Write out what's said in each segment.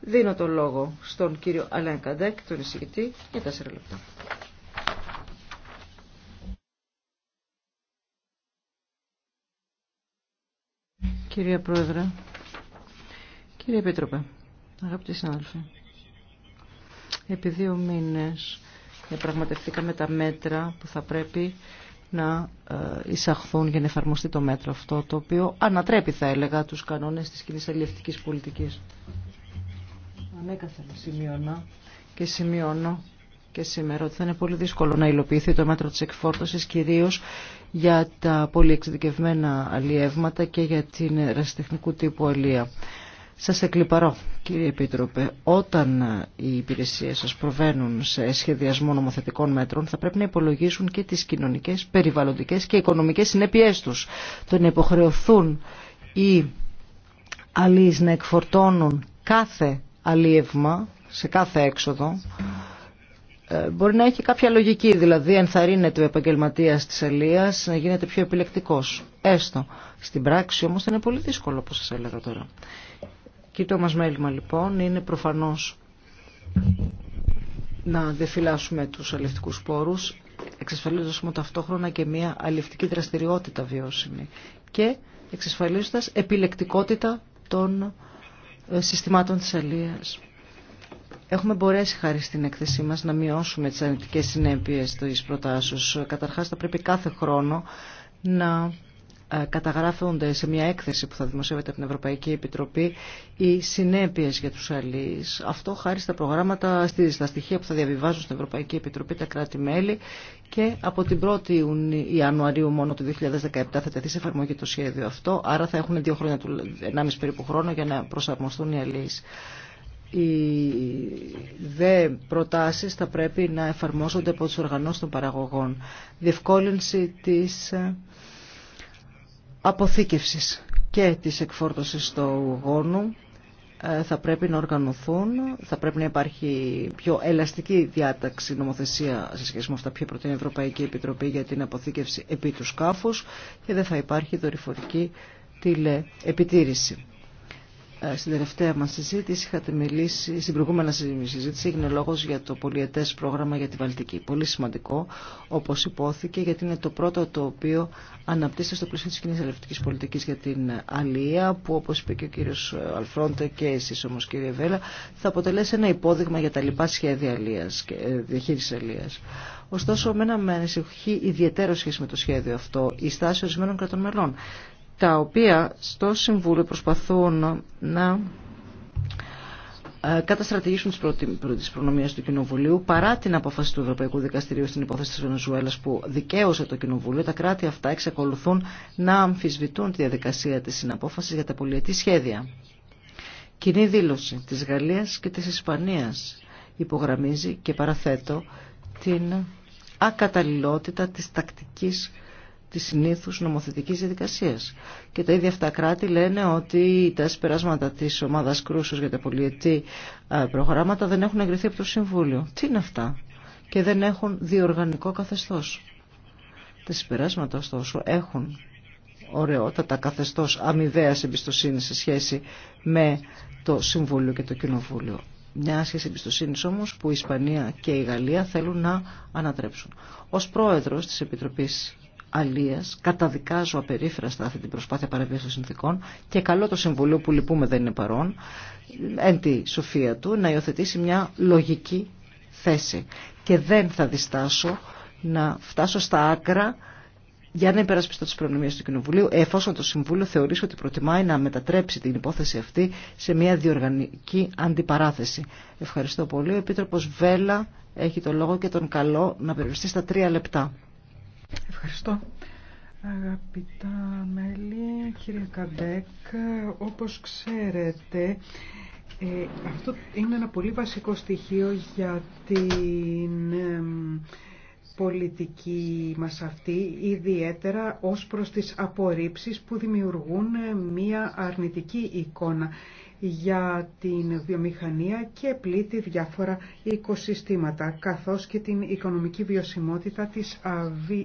Δίνω τον λόγο στον κύριο Αλέν Καντέκ, τον εισηγητή, για τέσσερα λεπτά. Κυρία Πρόεδρε, κύριε Επίτροπε, αγαπητοί συνάδελφοι, επί δύο μήνες διαπραγματευτήκαμε τα μέτρα που θα πρέπει να ε, εισαχθούν για να εφαρμοστεί το μέτρο αυτό, το οποίο ανατρέπει, θα έλεγα, τους κανόνες της κοινής αλληλευτικής πολιτικής. Ανέκαθεν σημειώνα και σημειώνω και σήμερα ότι θα είναι πολύ δύσκολο να υλοποιηθεί το μέτρο της εκφόρτωση κυρίως για τα πολύ εξειδικευμένα αλλιεύματα και για την ερασιτεχνικού τύπου αλλία. Σας εκλυπαρώ κύριε Επίτροπε, όταν ε, οι υπηρεσίες σας προβαίνουν σε σχεδιασμό νομοθετικών μέτρων θα πρέπει να υπολογίσουν και τις κοινωνικές, περιβαλλοντικές και οικονομικές συνέπειές τους. Το να υποχρεωθούν οι αλείς να εκφορτώνουν κάθε αλίευμα σε κάθε έξοδο ε, μπορεί να έχει κάποια λογική, δηλαδή ενθαρρύνεται ο επαγγελματία τη Ελία να γίνεται πιο επιλεκτικό. Έστω. Στην πράξη όμω είναι πολύ δύσκολο, όπω σα έλεγα τώρα. Και το μας μέλημα λοιπόν είναι προφανώς να του τους αλληλευτικούς πόρους, εξασφαλίζοντας ταυτόχρονα και μια αλληλευτική δραστηριότητα βιώσιμη και εξασφαλίζοντας επιλεκτικότητα των ε, συστημάτων της αλίας. Έχουμε μπορέσει χάρη στην έκθεσή μας να μειώσουμε τις αρνητικές συνέπειες της προτάσεως. Καταρχάς θα πρέπει κάθε χρόνο να ε, καταγράφονται σε μια έκθεση που θα δημοσιεύεται από την Ευρωπαϊκή Επιτροπή οι συνέπειε για του αλληλεί. Αυτό χάρη στα προγράμματα, στα στοιχεία που θα διαβιβάζουν στην Ευρωπαϊκή Επιτροπή τα κράτη-μέλη και από την 1η Ιανουαρίου μόνο του 2017 θα τεθεί σε εφαρμογή το σχέδιο αυτό. Άρα θα έχουν δύο χρόνια, ενάμιση περίπου χρόνο για να προσαρμοστούν οι αλληλεί. Οι δε προτάσεις θα πρέπει να εφαρμόζονται από του οργανώσει των παραγωγών. Διευκόλυνση τη. Ε, αποθήκευσης και της εκφόρτωσης του γόνου ε, θα πρέπει να οργανωθούν, θα πρέπει να υπάρχει πιο ελαστική διάταξη νομοθεσία σε σχέση με αυτά που προτείνει η Ευρωπαϊκή Επιτροπή για την αποθήκευση επί του σκάφους και δεν θα υπάρχει δορυφορική τηλεεπιτήρηση στην τελευταία μα συζήτηση είχατε μιλήσει, στην προηγούμενη συζήτηση έγινε λόγο για το πολιετές πρόγραμμα για τη Βαλτική. Πολύ σημαντικό, όπω υπόθηκε, γιατί είναι το πρώτο το οποίο αναπτύσσεται στο πλαίσιο τη κοινή ελευτικής Πολιτική για την Αλία, που όπω είπε και ο κύριο Αλφρόντε και εσεί όμω, κύριε Βέλα, θα αποτελέσει ένα υπόδειγμα για τα λοιπά σχέδια αλίας και ε, διαχείριση Αλία. Ωστόσο, εμένα με ανησυχεί ιδιαίτερο σχέση με το σχέδιο αυτό η στάση ορισμένων κρατών μελών τα οποία στο Συμβούλιο προσπαθούν να ε, καταστρατηγήσουν τις προνομίες του Κοινοβουλίου παρά την απόφαση του Ευρωπαϊκού Δικαστηρίου στην υπόθεση της Βενεζουέλας που δικαίωσε το Κοινοβούλιο. Τα κράτη αυτά εξακολουθούν να αμφισβητούν τη διαδικασία της συναπόφασης για τα πολιετή σχέδια. Κοινή δήλωση της Γαλλίας και της Ισπανίας υπογραμμίζει και παραθέτω την ακαταλληλότητα της τακτικής Τη συνήθου νομοθετική διαδικασία. Και τα ίδια αυτά κράτη λένε ότι τα συμπεράσματα τη ομάδα κρούσεως για τα πολιετή ε, προγράμματα δεν έχουν εγκριθεί από το Συμβούλιο. Τι είναι αυτά και δεν έχουν διοργανικό καθεστώ. Τα συμπεράσματα ωστόσο έχουν ωραιότατα καθεστώ αμοιβαία εμπιστοσύνη σε σχέση με το Συμβούλιο και το Κοινοβούλιο. Μια άσχεση εμπιστοσύνη όμω που η Ισπανία και η Γαλλία θέλουν να ανατρέψουν. Ω πρόεδρο τη Επιτροπή αλίας, καταδικάζω απερίφραστα αυτή την προσπάθεια παραβίαση των συνθήκων και καλό το Συμβουλίο που λυπούμε δεν είναι παρόν, εν τη σοφία του, να υιοθετήσει μια λογική θέση. Και δεν θα διστάσω να φτάσω στα άκρα για να υπερασπιστώ τι προνομίε του Κοινοβουλίου, εφόσον το Συμβούλιο θεωρήσει ότι προτιμάει να μετατρέψει την υπόθεση αυτή σε μια διοργανική αντιπαράθεση. Ευχαριστώ πολύ. Ο Επίτροπο Βέλα έχει το λόγο και τον καλό να περιοριστεί στα τρία λεπτά. Ευχαριστώ. Αγαπητά μέλη, κύριε Καντέκ, όπως ξέρετε, ε, αυτό είναι ένα πολύ βασικό στοιχείο για την πολιτική μας αυτή, ιδιαίτερα ως προς τις απορρίψεις που δημιουργούν ε, μία αρνητική εικόνα για την βιομηχανία και πλήττει διάφορα οικοσυστήματα, καθώς και την οικονομική βιωσιμότητα της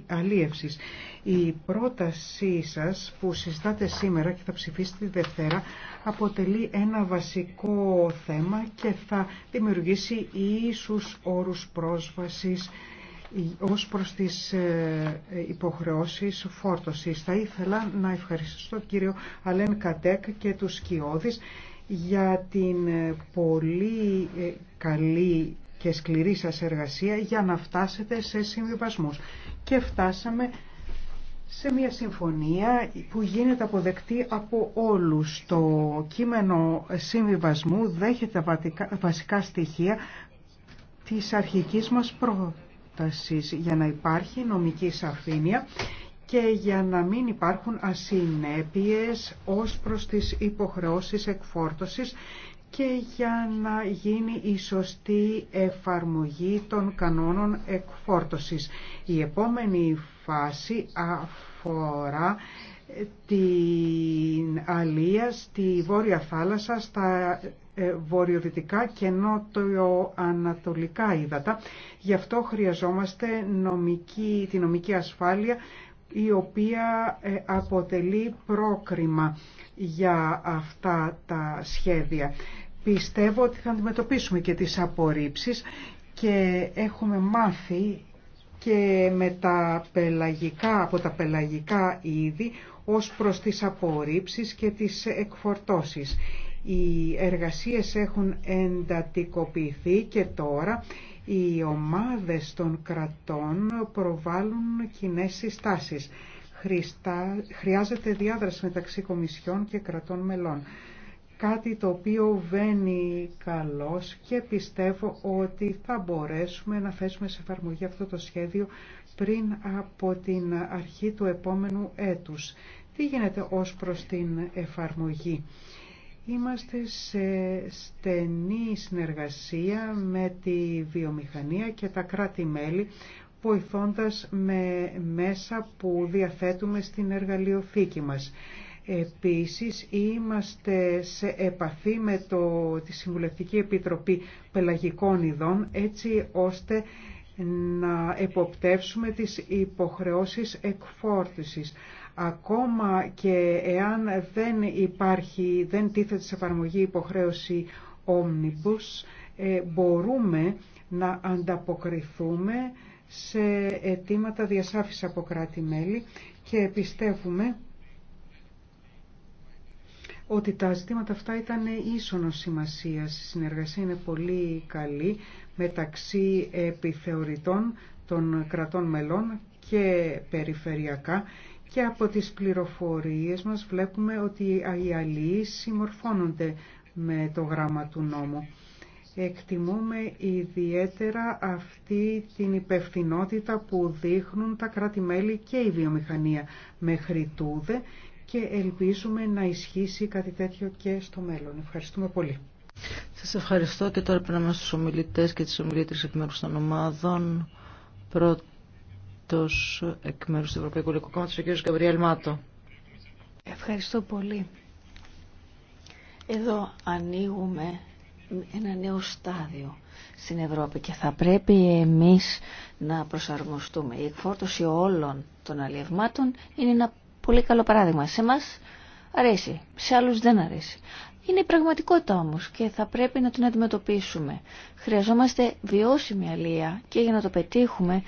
αλίευσης. Η πρότασή σας που συζητάτε σήμερα και θα ψηφίσετε τη Δευτέρα αποτελεί ένα βασικό θέμα και θα δημιουργήσει ίσους όρους πρόσβασης ως προς τις ε, υποχρεώσεις φόρτωσης. Θα ήθελα να ευχαριστήσω τον κύριο Αλέν Κατέκ και τους Σκιώδης για την ε, πολύ ε, καλή και σκληρή σας εργασία για να φτάσετε σε συμβιβασμούς. Και φτάσαμε σε μια συμφωνία που γίνεται αποδεκτή από όλους. Το κείμενο συμβιβασμού δέχεται βασικά στοιχεία της αρχικής μας πρότασης για να υπάρχει νομική σαφήνεια και για να μην υπάρχουν ασυνέπειες ως προς τις υποχρεώσεις εκφόρτωσης και για να γίνει η σωστή εφαρμογή των κανόνων εκφόρτωσης. Η επόμενη φάση αφορά την Αλία στη Βόρεια Θάλασσα, στα ε, βορειοδυτικά και νότιο-ανατολικά ύδατα. Γι' αυτό χρειαζόμαστε νομική, τη νομική ασφάλεια η οποία ε, αποτελεί πρόκριμα για αυτά τα σχέδια. Πιστεύω ότι θα αντιμετωπίσουμε και τις απορρίψεις και έχουμε μάθει και με τα πελαγικά, από τα πελαγικά είδη ως προς τις απορρίψεις και τις εκφορτώσεις. Οι εργασίες έχουν εντατικοποιηθεί και τώρα οι ομάδες των κρατών προβάλλουν κοινέ συστάσεις. Χρειάζεται διάδραση μεταξύ κομισιών και κρατών μελών. Κάτι το οποίο βαίνει καλός και πιστεύω ότι θα μπορέσουμε να θέσουμε σε εφαρμογή αυτό το σχέδιο πριν από την αρχή του επόμενου έτους. Τι γίνεται ως προς την εφαρμογή. Είμαστε σε στενή συνεργασία με τη βιομηχανία και τα κράτη-μέλη, βοηθώντας με μέσα που διαθέτουμε στην εργαλειοθήκη μας. Επίσης, είμαστε σε επαφή με το, τη Συμβουλευτική Επιτροπή Πελαγικών Ιδών, έτσι ώστε να εποπτεύσουμε τις υποχρεώσεις εκφόρτησης Ακόμα και εάν δεν υπάρχει, δεν τίθεται σε εφαρμογή υποχρέωση όμνιμπους, ε, μπορούμε να ανταποκριθούμε σε αιτήματα διασάφης από κράτη-μέλη και πιστεύουμε ότι τα ζητήματα αυτά ήταν ίσονος σημασίας. Η συνεργασία είναι πολύ καλή μεταξύ επιθεωρητών των κρατών μελών και περιφερειακά και από τις πληροφορίες μας βλέπουμε ότι οι αλληλείς συμμορφώνονται με το γράμμα του νόμου. Εκτιμούμε ιδιαίτερα αυτή την υπευθυνότητα που δείχνουν τα κράτη-μέλη και η βιομηχανία μέχρι τούδε και ελπίζουμε να ισχύσει κάτι τέτοιο και στο μέλλον. Ευχαριστούμε πολύ. Σας ευχαριστώ και τώρα είμαστε στους ομιλητές και τις ομιλήτρες εκ μέρους των ομάδων. Πρώτα εκ μέρους του Ευρωπαϊκού ο Ευχαριστώ πολύ. Εδώ ανοίγουμε ένα νέο στάδιο στην Ευρώπη και θα πρέπει εμείς να προσαρμοστούμε. Η εκφόρτωση όλων των αλλιευμάτων είναι ένα πολύ καλό παράδειγμα. Σε μας αρέσει, σε άλλους δεν αρέσει. Είναι η πραγματικότητα όμως και θα πρέπει να την αντιμετωπίσουμε. Χρειαζόμαστε βιώσιμη αλία και για να το πετύχουμε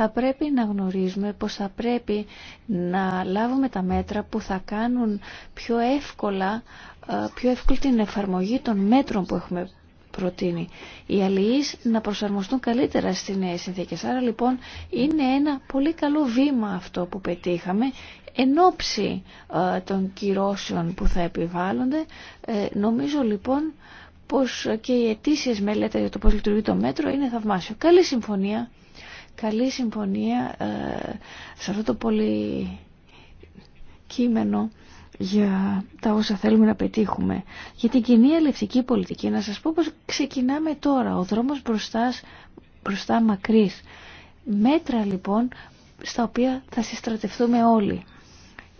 θα πρέπει να γνωρίζουμε πως θα πρέπει να λάβουμε τα μέτρα που θα κάνουν πιο εύκολα, ε, πιο εύκολη την εφαρμογή των μέτρων που έχουμε προτείνει. Οι αλληλείς να προσαρμοστούν καλύτερα στις νέες συνθήκες. Άρα λοιπόν είναι ένα πολύ καλό βήμα αυτό που πετύχαμε εν ώψη ε, των κυρώσεων που θα επιβάλλονται. Ε, νομίζω λοιπόν πως και οι αιτήσει μελέτες για το πώς λειτουργεί το μέτρο είναι θαυμάσιο. Καλή συμφωνία καλή συμφωνία ε, σε αυτό το πολύ κείμενο για τα όσα θέλουμε να πετύχουμε. Για την κοινή ελευθερική πολιτική, να σας πω πως ξεκινάμε τώρα, ο δρόμος μπροστά, μπροστά μακρύς. Μέτρα λοιπόν στα οποία θα συστρατευτούμε όλοι.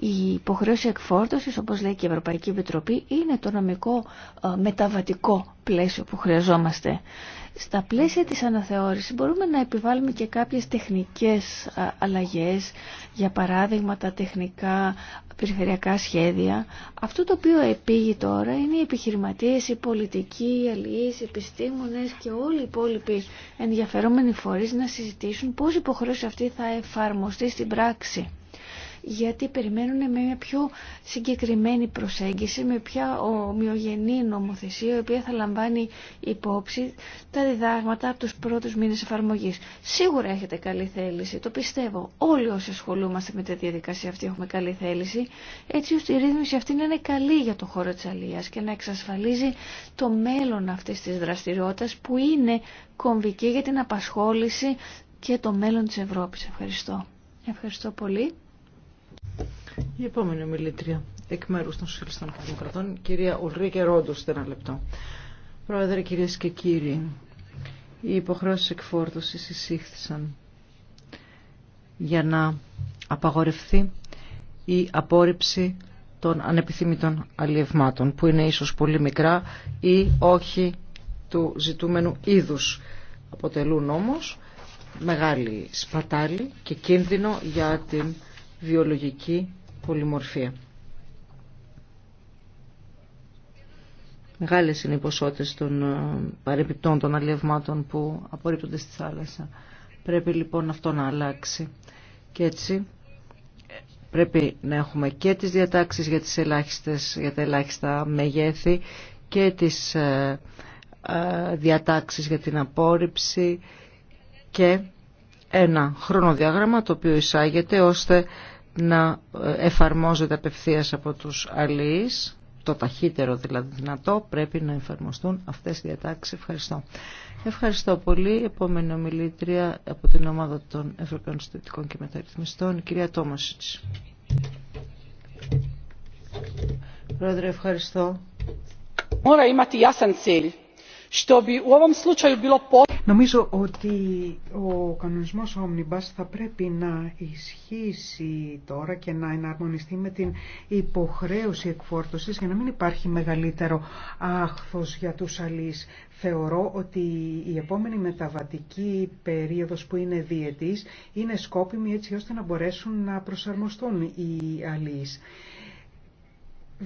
Η υποχρέωση εκφόρτωσης, όπως λέει και η Ευρωπαϊκή Επιτροπή, είναι το νομικό ε, μεταβατικό πλαίσιο που χρειαζόμαστε. Στα πλαίσια της αναθεώρησης μπορούμε να επιβάλλουμε και κάποιες τεχνικές ε, αλλαγές, για παράδειγμα τα τεχνικά περιφερειακά σχέδια. Αυτό το οποίο επήγει τώρα είναι οι επιχειρηματίες, οι πολιτικοί, οι αλληλείς, οι επιστήμονες και όλοι οι υπόλοιποι ενδιαφερόμενοι φορείς να συζητήσουν πώς η υποχρέωση αυτή θα εφαρμοστεί στην πράξη γιατί περιμένουν με μια πιο συγκεκριμένη προσέγγιση, με πια ομοιογενή νομοθεσία, η οποία θα λαμβάνει υπόψη τα διδάγματα από τους πρώτους μήνες εφαρμογής. Σίγουρα έχετε καλή θέληση, το πιστεύω. Όλοι όσοι ασχολούμαστε με τη διαδικασία αυτή έχουμε καλή θέληση, έτσι ώστε η ρύθμιση αυτή να είναι καλή για το χώρο της αλίας και να εξασφαλίζει το μέλλον αυτής της δραστηριότητας που είναι κομβική για την απασχόληση και το μέλλον της Ευρώπης. Ευχαριστώ. Ευχαριστώ πολύ. Η επόμενη ομιλήτρια εκ μέρου των Σοσιαλιστών Δημοκρατών, κυρία Ουλρίκε Ρόντο, ένα λεπτό. Πρόεδρε, κυρίε και κύριοι, οι υποχρεώσει εκφόρτωση εισήχθησαν για να απαγορευθεί η απόρριψη των ανεπιθύμητων αλλιευμάτων, που είναι ίσως πολύ μικρά ή όχι του ζητούμενου είδους. Αποτελούν όμως μεγάλη σπατάλη και κίνδυνο για την βιολογική πολυμορφία. Μεγάλες είναι οι ποσότητες των ε, παρεμπιπτών των αλλιευμάτων που απορρίπτονται στη θάλασσα. Πρέπει λοιπόν αυτό να αλλάξει. Και έτσι ε, πρέπει να έχουμε και τις διατάξεις για, τις ελάχιστες, για τα ελάχιστα μεγέθη και τις ε, διατάξεις για την απόρριψη και ένα χρονοδιάγραμμα το οποίο εισάγεται ώστε να ε, εφαρμόζεται απευθείας από τους αλληλείς, το ταχύτερο δηλαδή δυνατό, πρέπει να εφαρμοστούν αυτές οι διατάξεις. Ευχαριστώ. Ευχαριστώ πολύ. Επόμενη ομιλήτρια από την ομάδα των Ευρωπαίων Συντηρητικών και Μεταρρυθμιστών, η κυρία Τόμασιτς. Πρόεδρε, ευχαριστώ. Νομίζω ότι ο κανονισμός Omnibus θα πρέπει να ισχύσει τώρα και να εναρμονιστεί με την υποχρέωση εκφόρτωσης για να μην υπάρχει μεγαλύτερο άχθος για τους αλείς. Θεωρώ ότι η επόμενη μεταβατική περίοδος που είναι διετή είναι σκόπιμη έτσι ώστε να μπορέσουν να προσαρμοστούν οι αλείς.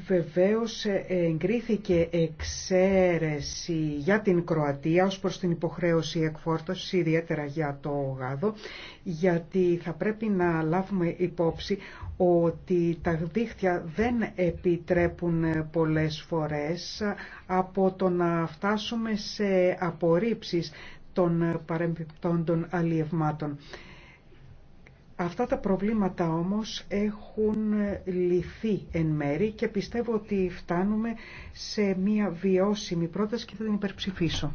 Βεβαίως ε, εγκρίθηκε εξαίρεση για την Κροατία ως προς την υποχρέωση εκφόρτωσης, ιδιαίτερα για το γάδο, γιατί θα πρέπει να λάβουμε υπόψη ότι τα δίχτυα δεν επιτρέπουν πολλές φορές από το να φτάσουμε σε απορρίψεις των παρεμπιπτόντων αλλιευμάτων. Αυτά τα προβλήματα όμως έχουν λυθεί εν μέρη και πιστεύω ότι φτάνουμε σε μια βιώσιμη πρόταση και θα την υπερψηφίσω.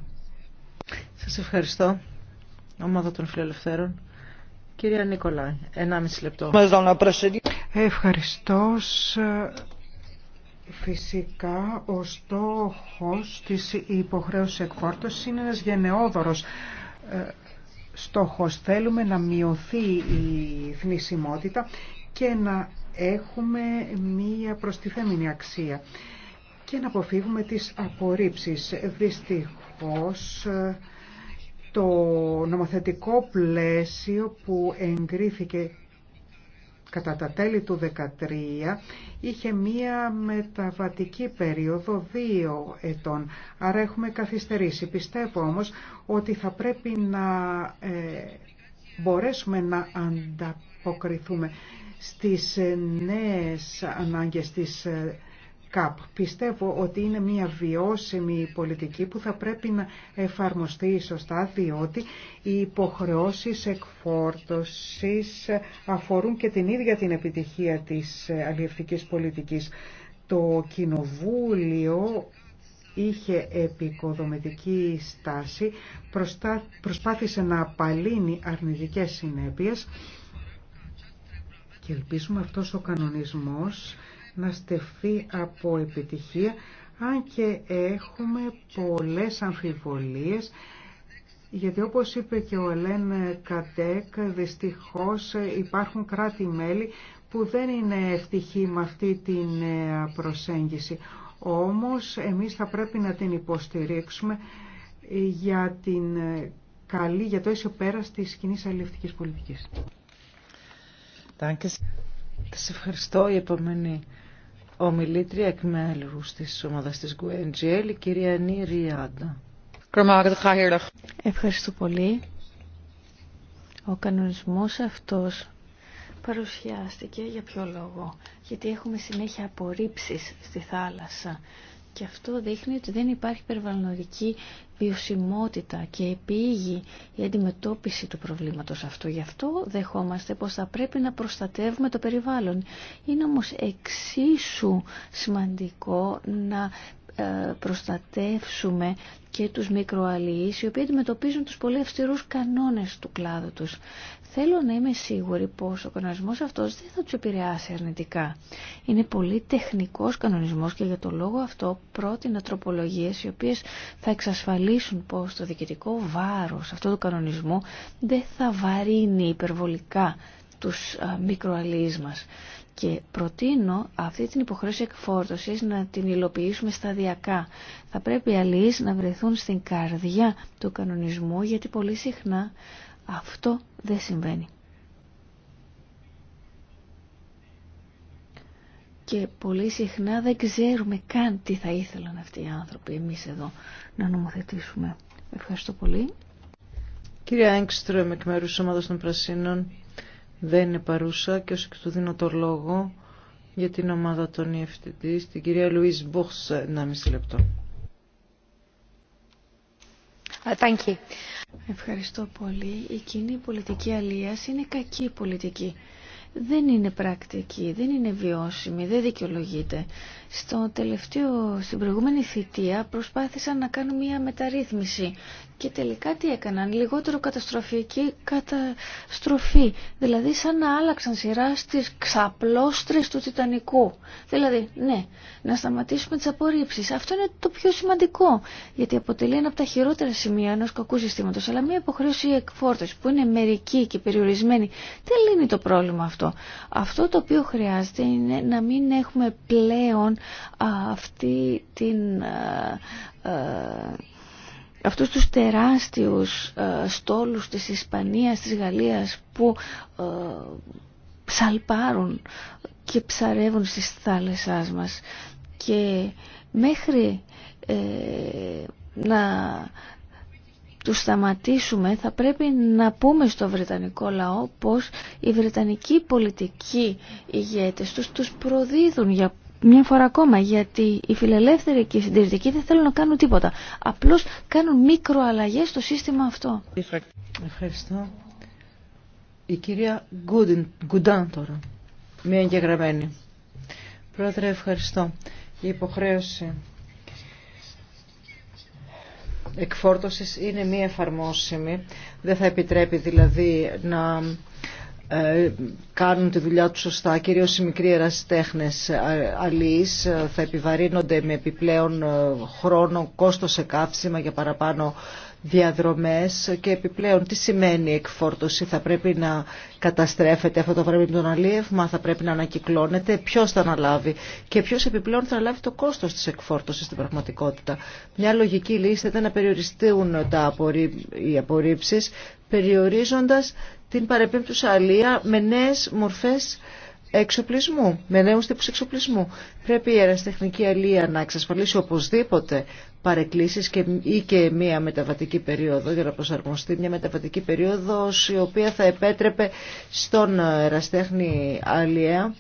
Σας ευχαριστώ. Ομάδα των Φιλελευθέρων. Κυρία Νίκολα, 1,5 λεπτό. Ευχαριστώ. Φυσικά ο στόχος της υποχρέωσης εκφόρτωσης είναι ένας γενναιόδωρος ε, στόχος. Θέλουμε να μειωθεί η θνησιμότητα και να έχουμε μία προστιθέμενη αξία και να αποφύγουμε τις απορρίψεις. Δυστυχώς το νομοθετικό πλαίσιο που εγκρίθηκε κατά τα τέλη του 2013 είχε μία μεταβατική περίοδο δύο ετών, άρα έχουμε καθυστερήσει. Πιστεύω όμως ότι θα πρέπει να ε, μπορέσουμε να ανταποκριθούμε στις νέες ανάγκες της ε, ΚΑΠ. Πιστεύω ότι είναι μια βιώσιμη πολιτική που θα πρέπει να εφαρμοστεί σωστά διότι οι υποχρεώσεις εκφόρτωσης αφορούν και την ίδια την επιτυχία της αλληλευτικής πολιτικής. Το Κοινοβούλιο είχε επικοδομητική στάση, προσπάθησε να απαλύνει αρνητικές συνέπειες και ελπίζουμε αυτός ο κανονισμός να στεφθεί από επιτυχία, αν και έχουμε πολλές αμφιβολίες, γιατί όπως είπε και ο ελεν κατεκ Κατέκ, δυστυχώς υπάρχουν κράτη-μέλη που δεν είναι ευτυχή με αυτή την ε, προσέγγιση. Όμως εμείς θα πρέπει να την υποστηρίξουμε ε, για την ε, καλή, για το ίσιο πέρα της κοινής αλληλευτικής πολιτικής. Σας ευχαριστώ. Η επόμενη ομιλήτρια εκ μέλου τη ομάδα τη Γκουέντζιέλ, η κυρία Νί Ριάντα. Ευχαριστώ πολύ. Ο κανονισμός αυτός παρουσιάστηκε για ποιο λόγο. Γιατί έχουμε συνέχεια απορρίψεις στη θάλασσα. Και αυτό δείχνει ότι δεν υπάρχει περιβαλλοντική βιωσιμότητα και επίγει η αντιμετώπιση του προβλήματος αυτού. Γι' αυτό δεχόμαστε πως θα πρέπει να προστατεύουμε το περιβάλλον. Είναι όμως εξίσου σημαντικό να ε, προστατεύσουμε και τους μικροαλληλείς οι οποίοι αντιμετωπίζουν τους πολύ αυστηρούς κανόνες του κλάδου τους. Θέλω να είμαι σίγουρη πως ο κανονισμός αυτός δεν θα τους επηρεάσει αρνητικά. Είναι πολύ τεχνικός κανονισμός και για το λόγο αυτό πρότεινα τροπολογίες οι οποίες θα εξασφαλίσουν πως το διοικητικό βάρος αυτού του κανονισμού δεν θα βαρύνει υπερβολικά τους ε, μικροαλληλείς μας. Και προτείνω αυτή την υποχρέωση εκφόρτωσης να την υλοποιήσουμε σταδιακά. Θα πρέπει οι να βρεθούν στην καρδιά του κανονισμού γιατί πολύ συχνά αυτό δεν συμβαίνει. Και πολύ συχνά δεν ξέρουμε καν τι θα ήθελαν αυτοί οι άνθρωποι εμείς εδώ να νομοθετήσουμε. Ευχαριστώ πολύ. Κυρία Έγκστρομ, εκ των Πρασίνων δεν είναι παρούσα και ως εκ του δίνω το λόγο για την ομάδα των EFTD, την κυρία Λουίς Μπόχς, μισή λεπτό. Ε, thank Ευχαριστώ πολύ. Η κοινή πολιτική αλίας είναι κακή πολιτική. Δεν είναι πρακτική, δεν είναι βιώσιμη, δεν δικαιολογείται. Στο τελευταίο, στην προηγούμενη θητεία προσπάθησαν να κάνουν μια μεταρρύθμιση και τελικά τι έκαναν, λιγότερο καταστροφική καταστροφή, δηλαδή σαν να άλλαξαν σειρά στις ξαπλώστρες του Τιτανικού. Δηλαδή, ναι, να σταματήσουμε τις απορρίψεις. Αυτό είναι το πιο σημαντικό, γιατί αποτελεί ένα από τα χειρότερα σημεία ενός κακού συστήματος. Αλλά μια υποχρέωση εκφόρτωση που είναι μερική και περιορισμένη, δεν λύνει το πρόβλημα αυτό. Αυτό το οποίο χρειάζεται είναι να μην έχουμε πλέον αυτή την αυτούς τους τεράστιους ε, στόλους της Ισπανίας, της Γαλλίας που ε, ψαλπάρουν και ψαρεύουν στις θάλασσάς μας και μέχρι ε, να του σταματήσουμε θα πρέπει να πούμε στο Βρετανικό λαό πως οι Βρετανικοί πολιτικοί ηγέτες τους τους προδίδουν για μια φορά ακόμα γιατί οι φιλελεύθεροι και οι συντηρητικοί δεν θέλουν να κάνουν τίποτα. Απλώς κάνουν μικροαλλαγές στο σύστημα αυτό. Ευχαριστώ. Η κυρία Γκουντάν τώρα. Μία εγγεγραμμένη. Πρόεδρε, ευχαριστώ. Η υποχρέωση εκφόρτωσης είναι μη εφαρμόσιμη. Δεν θα επιτρέπει δηλαδή να ε, κάνουν τη δουλειά του σωστά, κυρίως οι μικροί ερασιτέχνες ε, αλείς ε, θα επιβαρύνονται με επιπλέον χρόνο, κόστος σε καύσιμα για παραπάνω διαδρομές και επιπλέον τι σημαίνει εκφόρτωση, θα πρέπει να καταστρέφεται αυτό το με τον αλίευμα, θα πρέπει να ανακυκλώνεται, ποιο θα αναλάβει και ποιο επιπλέον θα αναλάβει το κόστο τη εκφόρτωση στην πραγματικότητα. Μια λογική λύση δεν ήταν να περιοριστούν τα απορρί... οι απορρίψει περιορίζοντας την παρεπίπτουσα αλία με νέες μορφές εξοπλισμού, με νέους τύπους εξοπλισμού. Πρέπει η αεραστεχνική αλία να εξασφαλίσει οπωσδήποτε παρεκκλήσεις και, ή και μία μεταβατική περίοδο για να προσαρμοστεί μια μεταβατική περίοδο, η οποία θα επέτρεπε στον αεραστέχνη αλία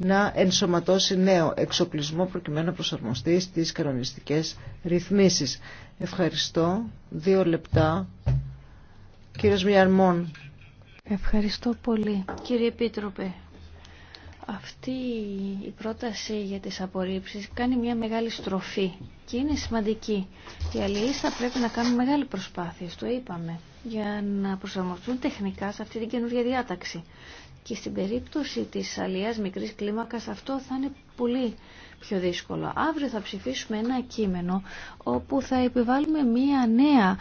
να ενσωματώσει νέο εξοπλισμό προκειμένου να προσαρμοστεί στις κανονιστικές ρυθμίσεις. Ευχαριστώ. Δύο λεπτά Κύριος Μιαρμόν. Ευχαριστώ πολύ. Κύριε Επίτροπε, αυτή η πρόταση για τις απορρίψεις κάνει μια μεγάλη στροφή και είναι σημαντική. Οι αλληλείς θα πρέπει να κάνουν μεγάλη προσπάθεια, το είπαμε, για να προσαρμοστούν τεχνικά σε αυτή την καινούργια διάταξη. Και στην περίπτωση της αλίας μικρής κλίμακας αυτό θα είναι πολύ πιο δύσκολο. Αύριο θα ψηφίσουμε ένα κείμενο όπου θα επιβάλλουμε μία νέα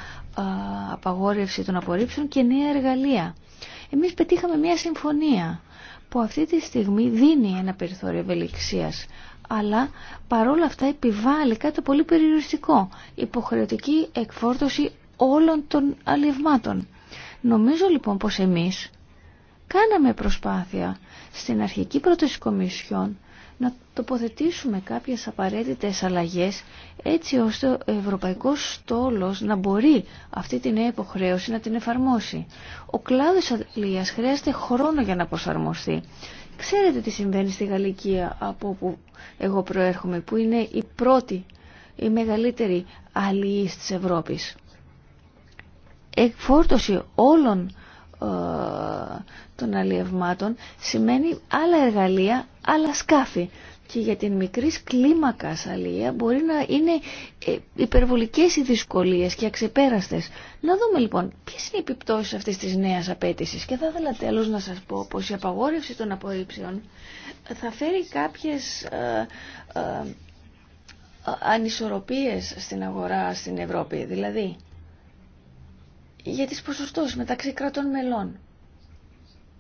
απαγόρευση των απορρίψεων και νέα εργαλεία. Εμείς πετύχαμε μία συμφωνία που αυτή τη στιγμή δίνει ένα περιθώριο ευελιξίας αλλά παρόλα αυτά επιβάλλει κάτι πολύ περιοριστικό υποχρεωτική εκφόρτωση όλων των αλευμάτων. Νομίζω λοιπόν πως εμείς Κάναμε προσπάθεια στην αρχική πρόταση Κομισιόν να τοποθετήσουμε κάποιες απαραίτητες αλλαγές έτσι ώστε ο Ευρωπαϊκός Στόλος να μπορεί αυτή την νέα υποχρέωση να την εφαρμόσει. Ο κλάδος αλληλείας χρειάζεται χρόνο για να προσαρμοστεί. Ξέρετε τι συμβαίνει στη Γαλλικία από όπου εγώ προέρχομαι που είναι η πρώτη, η μεγαλύτερη αλληλής της Ευρώπης. Εκφόρτωση όλων ε, των αλλιευμάτων σημαίνει άλλα εργαλεία, άλλα σκάφη. Και για την μικρή κλίμακα αλλιεία μπορεί να είναι ε, υπερβολικές οι δυσκολίες και αξεπέραστες. Να δούμε λοιπόν ποιες είναι οι επιπτώσεις αυτής της νέας απέτησης. Και θα ήθελα τέλος να σας πω πως η απαγόρευση των απορρίψεων θα φέρει κάποιες ε, ανισορροπίε στην αγορά στην Ευρώπη. Δηλαδή για τις ποσοστώσεις μεταξύ κρατών μελών.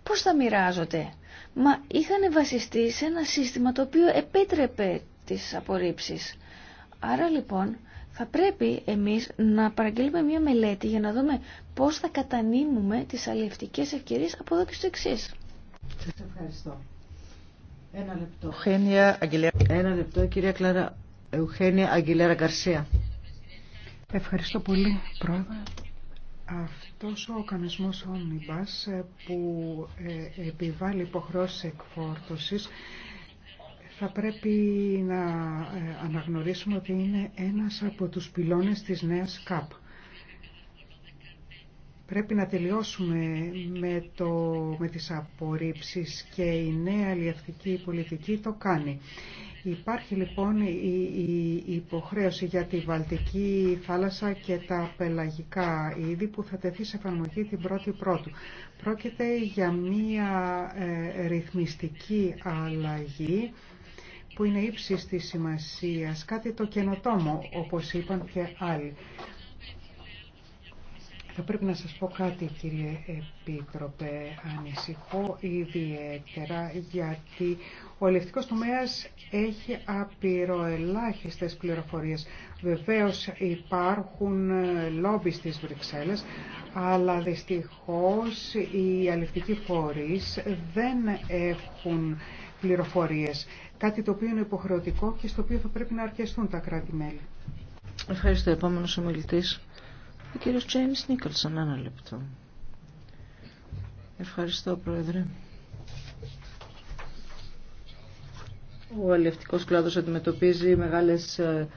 Πώς θα μοιράζονται. Μα είχαν βασιστεί σε ένα σύστημα το οποίο επέτρεπε τις απορρίψεις. Άρα λοιπόν θα πρέπει εμείς να παραγγείλουμε μια μελέτη για να δούμε πώς θα κατανείμουμε τις αλληλευτικές ευκαιρίες από εδώ και στο εξή. Σας ευχαριστώ. Ένα λεπτό. Ένα λεπτό, κυρία Κλάρα. Γκαρσία. Ευχαριστώ πολύ, Πρόεδρε. Αυτός ο κανονισμός Omnibus ε, που ε, επιβάλλει υποχρώσεις εκφόρτωσης θα πρέπει να ε, αναγνωρίσουμε ότι είναι ένας από τους πυλώνες της νέας ΚΑΠ. Πρέπει να τελειώσουμε με, το, με τις απορρίψεις και η νέα αλληλευτική πολιτική το κάνει. Υπάρχει λοιπόν η υποχρέωση για τη Βαλτική θάλασσα και τα πελαγικά είδη που θα τεθεί σε εφαρμογή την 1η Πρώτου. Πρόκειται για μία ε, ρυθμιστική αλλαγή που είναι ύψης της σημασίας, κάτι το καινοτόμο όπως είπαν και άλλοι. Θα πρέπει να σας πω κάτι κύριε Επίτροπε, ανησυχώ ιδιαίτερα γιατί ο ελευτικός τομέας έχει απειροελάχιστες πληροφορίες. Βεβαίως υπάρχουν λόμπι στις Βρυξέλλες, αλλά δυστυχώς οι αλευτικοί φορείς δεν έχουν πληροφορίες. Κάτι το οποίο είναι υποχρεωτικό και στο οποίο θα πρέπει να αρκεστούν τα κράτη-μέλη. Ευχαριστώ. Επόμενος ομιλητής. Ο κύριος Τζέιμς Νίκολσον, ένα λεπτό. Ευχαριστώ, Πρόεδρε. Ο αλληλευτικός κλάδος αντιμετωπίζει μεγάλες ε,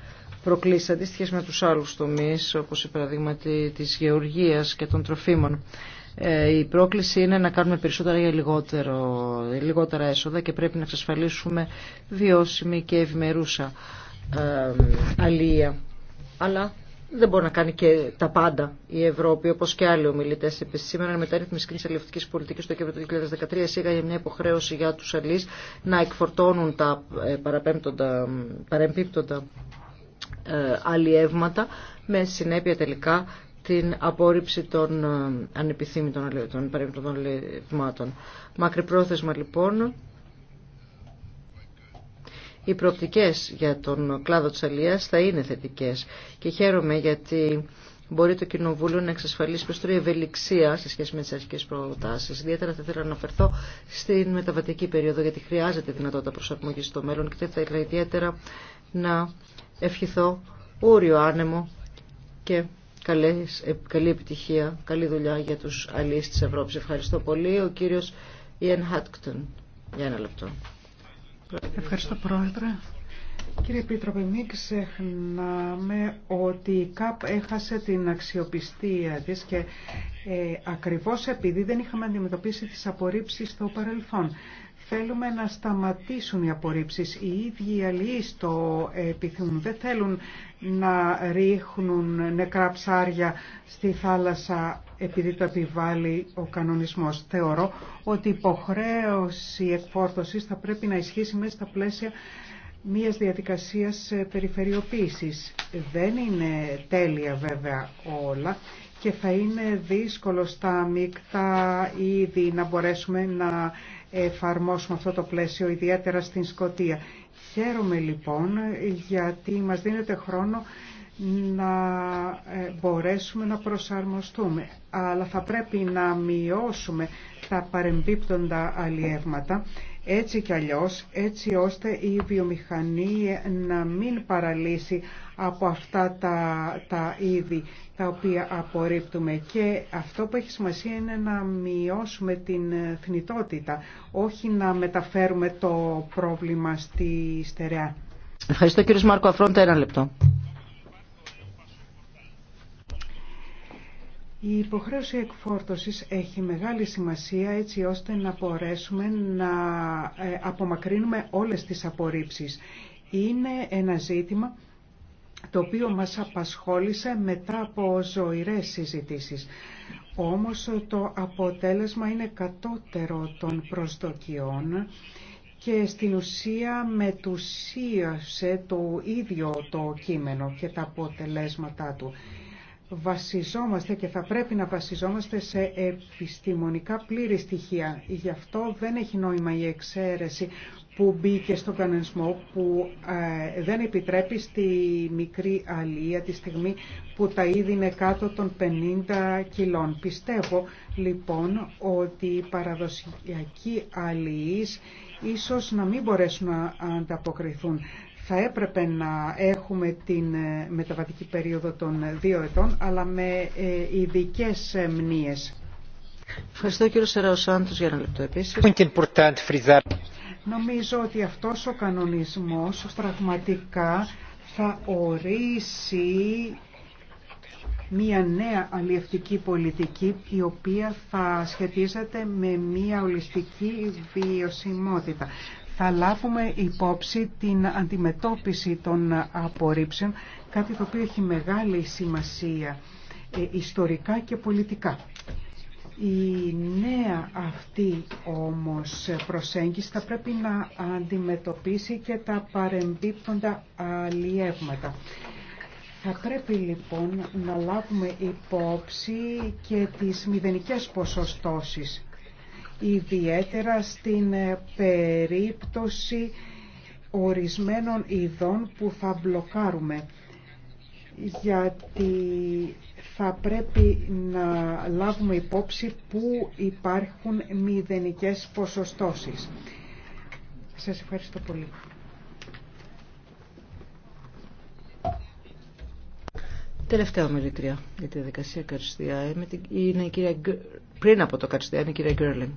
προκλήσεις αντίστοιχε με τους άλλους τομείς, όπως η παράδειγμα, της γεωργίας και των τροφίμων. Ε, η πρόκληση είναι να κάνουμε περισσότερα για λιγότερο, λιγότερα έσοδα και πρέπει να εξασφαλίσουμε βιώσιμη και ευημερούσα ε, αλληλεία. Αλλά δεν μπορεί να κάνει και τα πάντα η Ευρώπη, όπω και άλλοι ομιλητέ. Επίση, σήμερα η μεταρρύθμιση κοινή αλληλευτική πολιτική στο Κέντρο του 2013 εισήγαγε μια υποχρέωση για του αλληλεί να εκφορτώνουν τα ε, παρεμπίπτοντα ε, αλλιεύματα με συνέπεια τελικά την απόρριψη των ε, ανεπιθύμητων αλλιευμάτων. Μακρυπρόθεσμα λοιπόν, οι προοπτικές για τον κλάδο της Αλίας θα είναι θετικές. Και χαίρομαι γιατί μπορεί το Κοινοβούλιο να εξασφαλίσει περισσότερη ευελιξία σε σχέση με τις αρχικές προτάσεις. Ιδιαίτερα θα ήθελα να αναφερθώ στην μεταβατική περίοδο γιατί χρειάζεται δυνατότητα προσαρμογής στο μέλλον και θα ήθελα ιδιαίτερα να ευχηθώ ούριο άνεμο και ε, καλή επιτυχία, καλή δουλειά για τους αλληλείς της Ευρώπης. Ευχαριστώ πολύ. Ο κύριος Ιεν Χάτκτον για ένα λεπτό. Ευχαριστώ Πρόεδρε. Κύριε Επίτροπε, μην ξεχνάμε ότι η ΚΑΠ έχασε την αξιοπιστία της και ε, ακριβώς επειδή δεν είχαμε αντιμετωπίσει τις απορρίψεις στο παρελθόν. Θέλουμε να σταματήσουν οι απορρίψεις. Οι ίδιοι οι αλληλείς το επιθυμούν. Δεν θέλουν να ρίχνουν νεκρά ψάρια στη θάλασσα επειδή το επιβάλλει ο κανονισμός. Θεωρώ ότι η υποχρέωση εκφόρτωσης θα πρέπει να ισχύσει μέσα στα πλαίσια μιας διαδικασίας περιφερειοποίησης. Δεν είναι τέλεια βέβαια όλα και θα είναι δύσκολο στα αμύκτα ήδη να μπορέσουμε να εφαρμόσουμε αυτό το πλαίσιο, ιδιαίτερα στην Σκοτία. Χαίρομαι λοιπόν γιατί μας δίνεται χρόνο να ε, μπορέσουμε να προσαρμοστούμε, αλλά θα πρέπει να μειώσουμε τα παρεμπίπτοντα αλλιεύματα έτσι κι αλλιώς, έτσι ώστε η βιομηχανία να μην παραλύσει από αυτά τα, τα είδη τα οποία απορρίπτουμε. Και αυτό που έχει σημασία είναι να μειώσουμε την θνητότητα, όχι να μεταφέρουμε το πρόβλημα στη στερεά. Ευχαριστώ κύριε Μάρκο Αφρόντα, ένα λεπτό. Η υποχρέωση εκφόρτωσης έχει μεγάλη σημασία έτσι ώστε να μπορέσουμε να ε, απομακρύνουμε όλες τις απορρίψεις. Είναι ένα ζήτημα το οποίο μας απασχόλησε μετά από ζωηρές συζητήσεις. Όμως το αποτέλεσμα είναι κατώτερο των προσδοκιών και στην ουσία μετουσίασε το ίδιο το κείμενο και τα αποτελέσματά του βασιζόμαστε και θα πρέπει να βασιζόμαστε σε επιστημονικά πλήρη στοιχεία. Γι' αυτό δεν έχει νόημα η εξαίρεση που μπήκε στον κανονισμό που ε, δεν επιτρέπει στη μικρή αλία τη στιγμή που τα είδη είναι κάτω των 50 κιλών. Πιστεύω λοιπόν ότι οι παραδοσιακοί αλίες ίσως να μην μπορέσουν να ανταποκριθούν θα έπρεπε να έχουμε την ε, μεταβατική περίοδο των δύο ετών, αλλά με ε, ειδικέ ε, μνήε. Ευχαριστώ κύριο Σάντο για ένα λεπτό επίση. Νομίζω ότι αυτό ο κανονισμό πραγματικά θα ορίσει μια νέα αλλιευτική πολιτική η οποία θα σχετίζεται με μια ολιστική βιωσιμότητα θα λάβουμε υπόψη την αντιμετώπιση των απορρίψεων, κάτι το οποίο έχει μεγάλη σημασία ε, ιστορικά και πολιτικά. Η νέα αυτή όμως προσέγγιση θα πρέπει να αντιμετωπίσει και τα παρεμπίπτοντα αλλιεύματα. Θα πρέπει λοιπόν να λάβουμε υπόψη και τις μηδενικές ποσοστώσεις ιδιαίτερα στην ε, περίπτωση ορισμένων ειδών που θα μπλοκάρουμε γιατί θα πρέπει να λάβουμε υπόψη που υπάρχουν μηδενικές ποσοστώσεις. Σας ευχαριστώ πολύ. Τελευταία ομιλητρία για τη διαδικασία Καριστία είναι η κυρία... πριν από το Καριστία είναι η κυρία Γκέρλινγκ.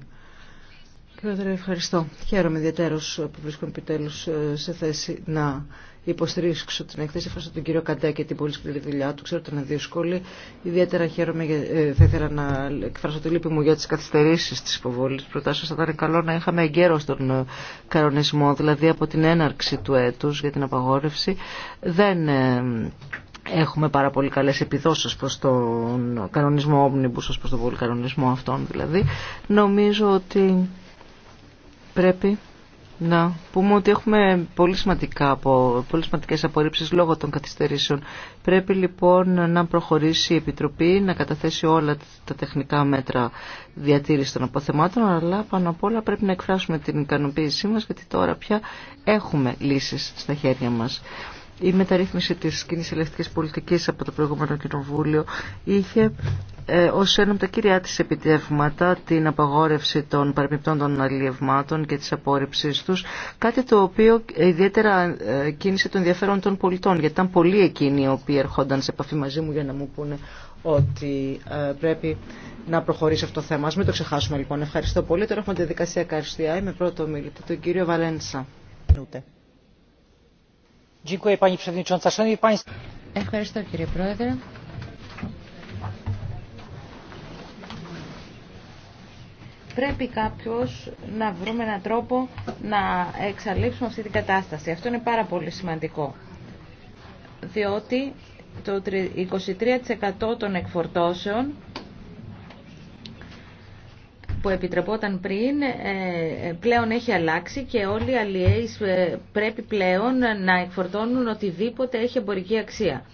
Πρόεδρε, ευχαριστώ. Χαίρομαι ιδιαίτερω που βρίσκομαι επιτέλου ε, σε θέση να υποστηρίξω την εκθέση. Ευχαριστώ τον κύριο Καντέ και την πολύ σκληρή δουλειά του. Ξέρω ότι ήταν δύσκολη. Ιδιαίτερα χαίρομαι, ε, θα ήθελα να εκφράσω τη λύπη μου για τι καθυστερήσει τη υποβολή τη προτάσεω. Θα ήταν καλό να είχαμε εγκαίρω τον ε, κανονισμό, δηλαδή από την έναρξη του έτου για την απαγόρευση. Δεν έχουμε πάρα πολύ καλές επιδόσεις προς τον κανονισμό όμνιμπους, προς τον πολυκανονισμό αυτόν δηλαδή. Νομίζω ότι πρέπει να πούμε ότι έχουμε πολύ, σημαντικά, πολύ σημαντικές απορρίψεις λόγω των καθυστερήσεων. Πρέπει λοιπόν να προχωρήσει η Επιτροπή, να καταθέσει όλα τα τεχνικά μέτρα διατήρησης των αποθεμάτων, αλλά πάνω απ' όλα πρέπει να εκφράσουμε την ικανοποίησή μας, γιατί τώρα πια έχουμε λύσεις στα χέρια μας. Η μεταρρύθμιση της κοινή ελευθερικής πολιτικής από το προηγούμενο κοινοβούλιο είχε ε, ως ένα από τα κύρια της επιτεύγματα την απαγόρευση των παρεμπιπτών των αλλιευμάτων και της απόρριψής τους, κάτι το οποίο ιδιαίτερα ε, κίνησε τον ενδιαφέρον των πολιτών, γιατί ήταν πολλοί εκείνοι οι οποίοι ερχόνταν σε επαφή μαζί μου για να μου πούνε ότι ε, πρέπει να προχωρήσει αυτό το θέμα. Ας μην το ξεχάσουμε λοιπόν. Ευχαριστώ πολύ. Τώρα έχουμε τη δικασία Καρστιάη με πρώτο μιλητή, τον κύριο Βαλένσα. Ευχαριστώ κύριε Πρόεδρε. πρέπει κάποιος να βρούμε έναν τρόπο να εξαλείψουμε αυτή την κατάσταση. Αυτό είναι πάρα πολύ σημαντικό. Διότι το 23% των εκφορτώσεων που επιτρεπόταν πριν ε, ε, πλέον έχει αλλάξει και όλοι οι αλλιέοι ε, πρέπει πλέον να εκφορτώνουν οτιδήποτε έχει εμπορική αξία.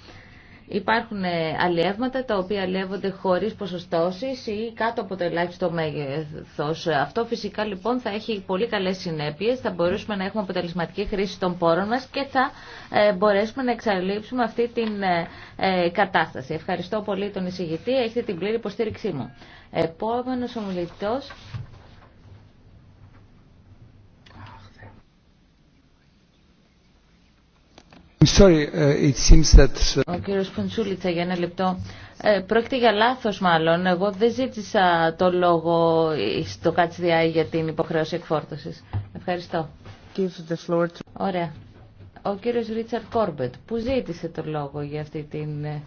Υπάρχουν ε, αλλιεύματα τα οποία αλλιεύονται χωρίς ποσοστώσεις ή κάτω από το ελάχιστο μέγεθος. Αυτό φυσικά λοιπόν θα έχει πολύ καλές συνέπειες, θα μπορούσαμε να έχουμε αποτελεσματική χρήση των πόρων μας και θα ε, μπορέσουμε να εξαλείψουμε αυτή την ε, κατάσταση. Ευχαριστώ πολύ τον εισηγητή, έχετε την πλήρη υποστήριξή μου. Επόμενος ομιλητός, Uh, uh, Ο κύριος Πονσούλητσα για ένα λεπτό. Ε, πρόκειται για λάθος μάλλον. Εγώ δεν ζήτησα το λόγο στο ΚΑΤΣΔΙ για την υποχρέωση εκφόρτωσης. Ευχαριστώ. Ωραία. Ο κύριος Ρίτσαρτ Κόρμπετ που ζήτησε το λόγο για αυτή τη ε,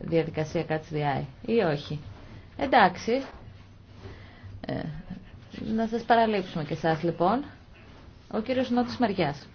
διαδικασία ΚΑΤΣΔΙ ή όχι. Εντάξει. Ε, να σας παραλείψουμε και εσάς λοιπόν. Ο κύριος Νότης Μαριάς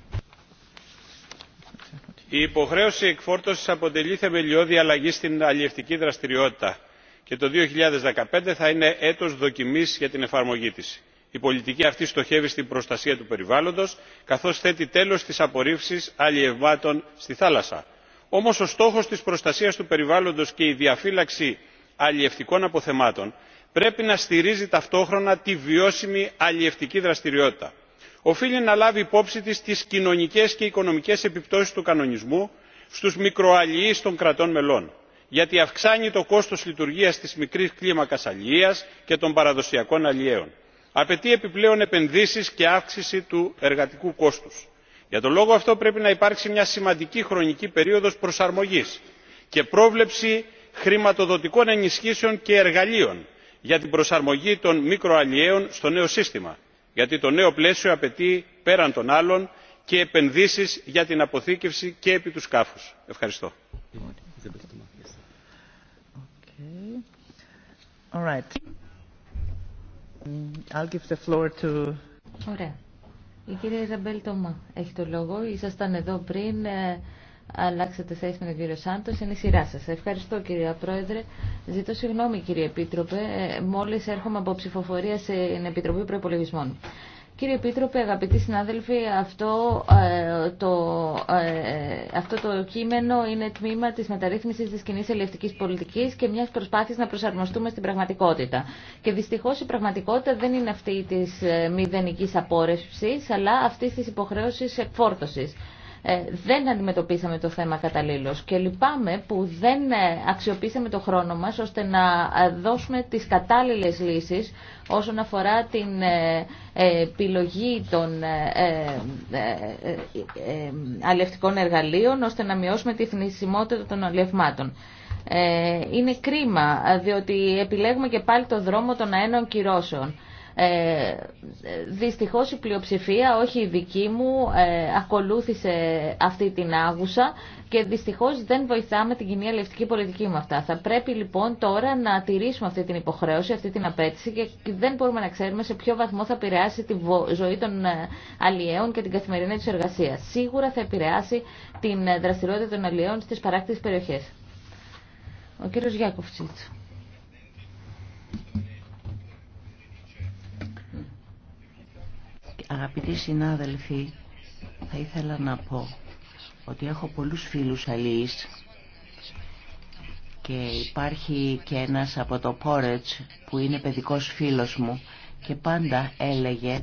η υποχρέωση εκφόρτωσης αποτελεί θεμελιώδη αλλαγή στην αλλιευτική δραστηριότητα και το 2015 θα είναι έτος δοκιμής για την εφαρμογή της. Η πολιτική αυτή στοχεύει στην προστασία του περιβάλλοντος καθώς θέτει τέλος στις απορρίψεις αλλιευμάτων στη θάλασσα. Όμως ο στόχος της προστασίας του περιβάλλοντος και η διαφύλαξη αλλιευτικών αποθεμάτων πρέπει να στηρίζει ταυτόχρονα τη βιώσιμη αλλιευτική δραστηριότητα οφείλει να λάβει υπόψη της τις κοινωνικές και οικονομικές επιπτώσεις του κανονισμού στους μικροαλληλείς των κρατών μελών γιατί αυξάνει το κόστος λειτουργίας της μικρής κλίμακας αλληλείας και των παραδοσιακών αλλιέων. απαιτεί επιπλέον επενδύσεις και αύξηση του εργατικού κόστους. για τον λόγο αυτό πρέπει να υπάρξει μια σημαντική χρονική περίοδος προσαρμογής και πρόβλεψη χρηματοδοτικών ενισχύσεων και εργαλείων για την προσαρμογή των μικροαλλιέων στο νέο σύστημα γιατί το νέο πλαίσιο απαιτεί πέραν των άλλων και επενδύσεις για την αποθήκευση και επί του σκάφους. Ευχαριστώ. έχει το λόγο. εδώ πριν. Ε, αλλάξετε θέση με τον κύριο Σάντο. Είναι η σειρά σα. Ευχαριστώ κύριε Πρόεδρε. Ζητώ συγγνώμη κύριε Επίτροπε. Ε, Μόλι έρχομαι από ψηφοφορία στην Επιτροπή Προπολογισμών. Κύριε Επίτροπε, αγαπητοί συνάδελφοι, αυτό, ε, το, ε, αυτό το κείμενο είναι τμήμα της μεταρρύθμισης της κοινή ελευθερικής πολιτικής και μιας προσπάθειας να προσαρμοστούμε στην πραγματικότητα. Και δυστυχώς η πραγματικότητα δεν είναι αυτή της μηδενικής απόρρευσης, αλλά αυτή της υποχρεώση εκφόρτωσης. Ε, δεν αντιμετωπίσαμε το θέμα καταλήλω και λυπάμαι που δεν ε, αξιοποιήσαμε το χρόνο μας ώστε να ε, δώσουμε τις κατάλληλε λύσεις όσον αφορά την επιλογή των αλληλευτικών εργαλείων ώστε να μειώσουμε τη θνησιμότητα των αλληλευμάτων. Είναι κρίμα διότι επιλέγουμε και πάλι το δρόμο των αένων κυρώσεων. Ε, δυστυχώς η πλειοψηφία, όχι η δική μου, ε, ακολούθησε αυτή την άγουσα και δυστυχώς δεν βοηθάμε την κοινή αλληλευτική πολιτική με αυτά. Θα πρέπει λοιπόν τώρα να τηρήσουμε αυτή την υποχρέωση, αυτή την απέτηση και δεν μπορούμε να ξέρουμε σε ποιο βαθμό θα επηρεάσει τη ζωή των ε, αλλιέων και την καθημερινή τους εργασία. Σίγουρα θα επηρεάσει την ε, δραστηριότητα των αλλιέων στις παράκτητες περιοχές. Ο κύριος Αγαπητοί συνάδελφοι, θα ήθελα να πω ότι έχω πολλούς φίλους αλληλείς και υπάρχει και ένας από το Πόρετς που είναι παιδικός φίλος μου και πάντα έλεγε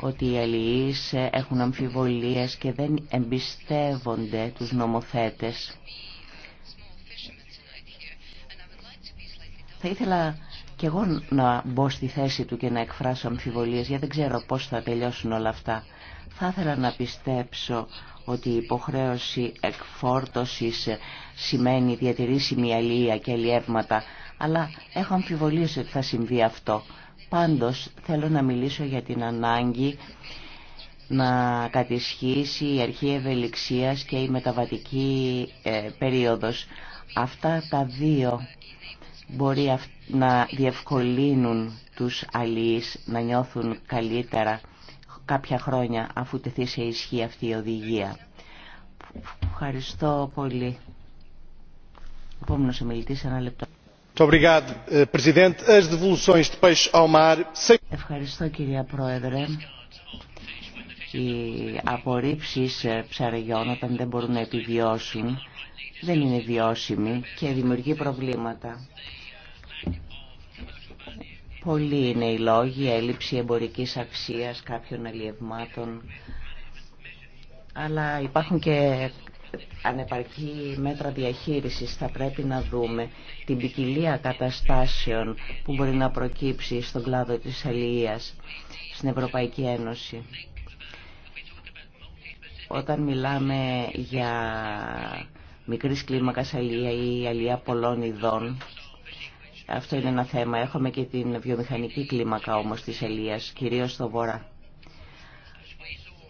ότι οι αλληλείς έχουν αμφιβολίες και δεν εμπιστεύονται τους νομοθέτες. Θα ήθελα και εγώ να μπω στη θέση του και να εκφράσω αμφιβολίες, γιατί δεν ξέρω πώς θα τελειώσουν όλα αυτά. Θα ήθελα να πιστέψω ότι η υποχρέωση εκφόρτωσης σημαίνει διατηρήσιμη αλληλεία και αλλιεύματα, αλλά έχω αμφιβολίες ότι θα συμβεί αυτό. Πάντως θέλω να μιλήσω για την ανάγκη να κατησχύσει η αρχή ευελιξίας και η μεταβατική ε, περίοδος. Αυτά τα δύο μπορεί να διευκολύνουν τους αλληλείς να νιώθουν καλύτερα κάποια χρόνια αφού τεθεί σε ισχύ αυτή η οδηγία. Ευχαριστώ πολύ. Επόμενος ομιλητής, ένα λεπτό. Eh, Ευχαριστώ κυρία Πρόεδρε. Οι απορρίψεις ε, ψαριών όταν δεν μπορούν να επιβιώσουν δεν είναι βιώσιμοι και δημιουργεί προβλήματα. Πολλοί είναι οι λόγοι, έλλειψη εμπορικής αξίας κάποιων αλλιευμάτων, αλλά υπάρχουν και ανεπαρκή μέτρα διαχείρισης. Θα πρέπει να δούμε την ποικιλία καταστάσεων που μπορεί να προκύψει στον κλάδο της αλληλείας στην Ευρωπαϊκή Ένωση. Όταν μιλάμε για μικρής κλίμακας αλληλεία ή αλληλεία πολλών ειδών, αυτό είναι ένα θέμα. Έχουμε και την βιομηχανική κλίμακα όμως της Ελίας, κυρίως στο Βορρά.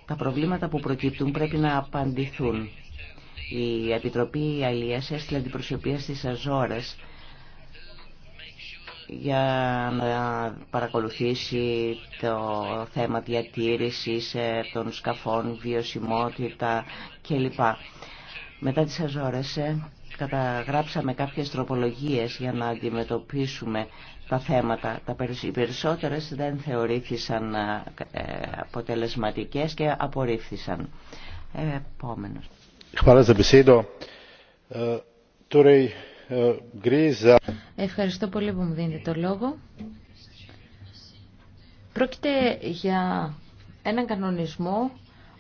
Τα προβλήματα που προκύπτουν πρέπει να απαντηθούν. Η Επιτροπή Αλίας έστειλε την προσωπία στις Αζόρες για να παρακολουθήσει το θέμα διατήρησης ε, των σκαφών, βιωσιμότητα κλπ. Μετά τις Αζόρες ε, καταγράψαμε κάποιες τροπολογίες για να αντιμετωπίσουμε τα θέματα. Τα οι περισσότερες δεν θεωρήθησαν ε, ε, αποτελεσματικές και απορρίφθησαν. Επόμενος. Ε, Ευχαριστώ πολύ που μου δίνετε το λόγο. Πρόκειται για έναν κανονισμό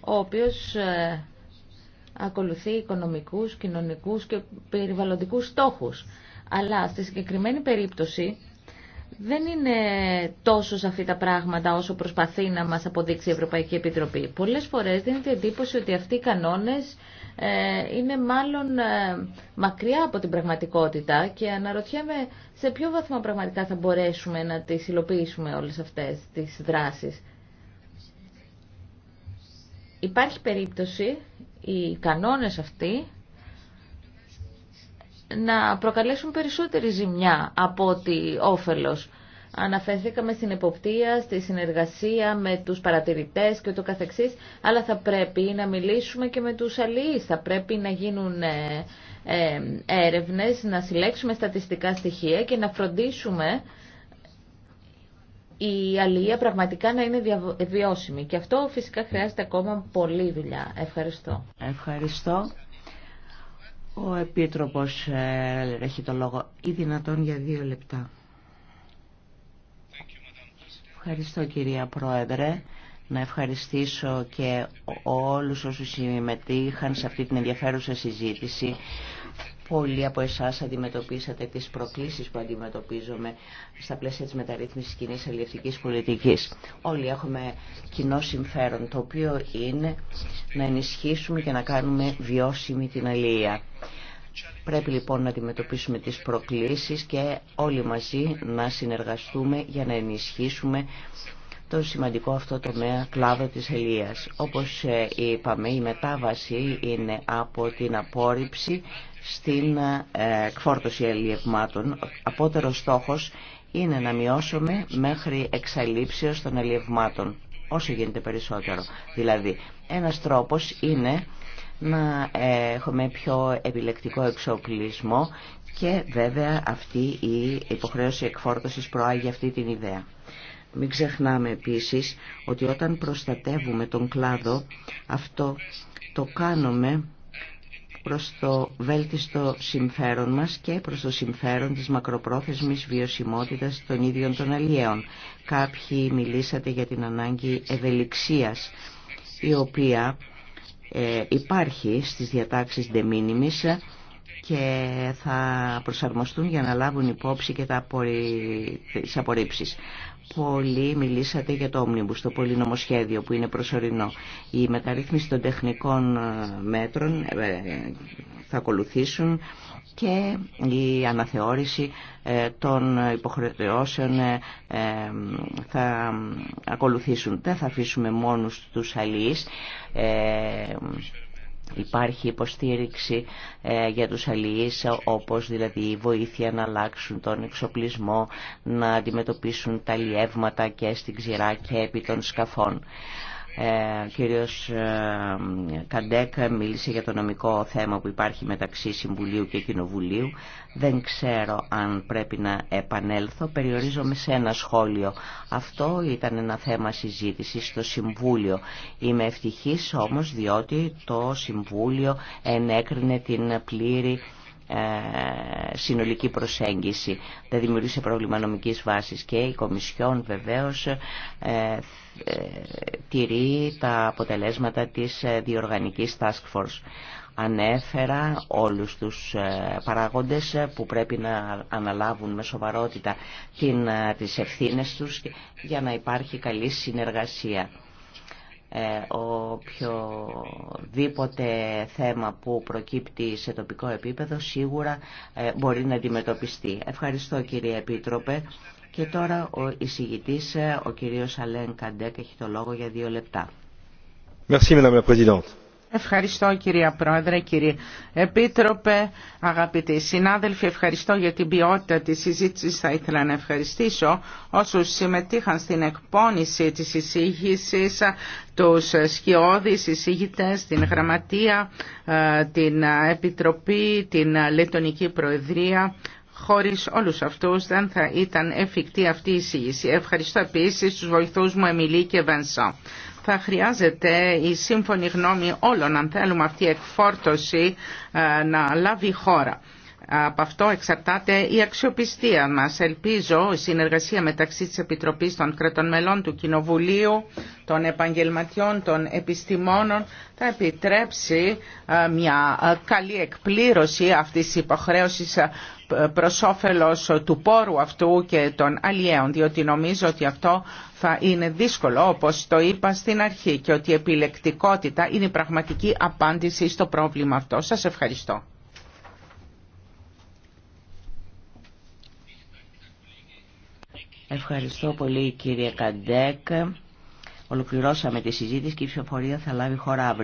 ο οποίος ακολουθεί οικονομικούς, κοινωνικούς και περιβαλλοντικούς στόχους. Αλλά στη συγκεκριμένη περίπτωση δεν είναι τόσο σαφή τα πράγματα όσο προσπαθεί να μας αποδείξει η Ευρωπαϊκή Επιτροπή. Πολλές φορές δίνεται εντύπωση ότι αυτοί οι κανόνες ε, είναι μάλλον ε, μακριά από την πραγματικότητα και αναρωτιέμαι σε ποιο βαθμό πραγματικά θα μπορέσουμε να τις υλοποιήσουμε όλες αυτές τις δράσεις. Υπάρχει περίπτωση οι κανόνες αυτοί να προκαλέσουν περισσότερη ζημιά από ότι όφελος. Αναφερθήκαμε στην εποπτεία, στη συνεργασία με τους παρατηρητές και το καθεξής, αλλά θα πρέπει να μιλήσουμε και με τους αλληλείς. Θα πρέπει να γίνουν ε, ε έρευνες, να συλλέξουμε στατιστικά στοιχεία και να φροντίσουμε η αλληλεία πραγματικά να είναι βιώσιμη. Και αυτό φυσικά χρειάζεται ακόμα πολλή δουλειά. Ευχαριστώ. Ευχαριστώ. Ο Επίτροπος ε, έχει το λόγο. Ή δυνατόν για δύο λεπτά. Ευχαριστώ κυρία Πρόεδρε. Να ευχαριστήσω και όλους όσους συμμετείχαν σε αυτή την ενδιαφέρουσα συζήτηση. Πολλοί από εσάς αντιμετωπίσατε τις προκλήσεις που αντιμετωπίζουμε στα πλαίσια της μεταρρύθμισης κοινή αλληλευτικής πολιτικής. Όλοι έχουμε κοινό συμφέρον, το οποίο είναι να ενισχύσουμε και να κάνουμε βιώσιμη την αλληλεία. Πρέπει λοιπόν να αντιμετωπίσουμε τις προκλήσεις και όλοι μαζί να συνεργαστούμε για να ενισχύσουμε το σημαντικό αυτό τομέα κλάδο της ελίας. Όπως ε, είπαμε, η μετάβαση είναι από την απόρριψη στην ε, εκφόρτωση αλλιευμάτων. Απότερος στόχος είναι να μειώσουμε μέχρι εξαλείψεως των αλλιευμάτων, όσο γίνεται περισσότερο. Δηλαδή, ένας τρόπος είναι να ε, έχουμε πιο επιλεκτικό εξοπλισμό και βέβαια αυτή η υποχρέωση εκφόρτωσης προάγει αυτή την ιδέα. Μην ξεχνάμε επίσης ότι όταν προστατεύουμε τον κλάδο αυτό το κάνουμε προς το βέλτιστο συμφέρον μας και προς το συμφέρον της μακροπρόθεσμης βιωσιμότητας των ίδιων των αλλιέων. Κάποιοι μιλήσατε για την ανάγκη ευελιξίας, η οποία ε, υπάρχει στις διατάξεις de και θα προσαρμοστούν για να λάβουν υπόψη και τα τις απορρίψεις. Πολύ μιλήσατε για το όμνιμπους, το πολυνομοσχέδιο που είναι προσωρινό. Η μεταρρύθμιση των τεχνικών ε, μέτρων ε, ε, θα ακολουθήσουν και η αναθεώρηση των υποχρεώσεων θα ακολουθήσουν. Δεν θα αφήσουμε μόνους τους αλληλείς. Υπάρχει υποστήριξη ε, για τους αλληλείς όπως δηλαδή η βοήθεια να αλλάξουν τον εξοπλισμό, να αντιμετωπίσουν τα λιεύματα και στην ξηρά και επί των σκαφών. Ε, κύριος ε, Καντέκ μίλησε για το νομικό θέμα που υπάρχει μεταξύ Συμβουλίου και Κοινοβουλίου. Δεν ξέρω αν πρέπει να επανέλθω. Περιορίζομαι σε ένα σχόλιο. Αυτό ήταν ένα θέμα συζήτησης στο Συμβούλιο. Είμαι ευτυχής όμως διότι το Συμβούλιο ενέκρινε την πλήρη ε, συνολική προσέγγιση. Δεν δημιουργήσε πρόβλημα νομικής βάσης και η Κομισιόν βεβαίως ε, ε, τηρεί τα αποτελέσματα της διοργανικής Task Force. Ανέφερα όλους τους παράγοντες που πρέπει να αναλάβουν με σοβαρότητα την, τις ευθύνες τους για να υπάρχει καλή συνεργασία. Ε, οποιοδήποτε θέμα που προκύπτει σε τοπικό επίπεδο σίγουρα ε, μπορεί να αντιμετωπιστεί. Ευχαριστώ κύριε Επίτροπε. Και τώρα ο εισηγητής, ε, ο κύριος Αλέν Καντέκ, έχει το λόγο για δύο λεπτά. Merci, Madame la Ευχαριστώ κυρία Πρόεδρε, κύριε Επίτροπε, αγαπητοί συνάδελφοι. Ευχαριστώ για την ποιότητα της συζήτησης. Θα ήθελα να ευχαριστήσω όσους συμμετείχαν στην εκπόνηση της εισήγησης, τους σκιώδεις εισήγητες, την Γραμματεία, ε, την Επιτροπή, την Λετωνική Προεδρία. Χωρίς όλους αυτούς δεν θα ήταν εφικτή αυτή η εισήγηση. Ευχαριστώ επίσης τους βοηθούς μου Εμιλή και Βενσό θα χρειάζεται η σύμφωνη γνώμη όλων αν θέλουμε αυτή η εκφόρτωση ε, να λάβει χώρα από αυτό εξαρτάται η αξιοπιστία μας. Ελπίζω η συνεργασία μεταξύ της Επιτροπής των Κρατών Μελών του Κοινοβουλίου, των επαγγελματιών, των επιστημόνων θα επιτρέψει ε, μια ε, καλή εκπλήρωση αυτής της υποχρέωσης ε, προς όφελος του πόρου αυτού και των αλλιέων, διότι νομίζω ότι αυτό θα είναι δύσκολο, όπως το είπα στην αρχή, και ότι η επιλεκτικότητα είναι η πραγματική απάντηση στο πρόβλημα αυτό. Σας ευχαριστώ. Ευχαριστώ πολύ κύριε Καντέκ. Ολοκληρώσαμε τη συζήτηση και η ψηφοφορία θα λάβει χώρα αύριο.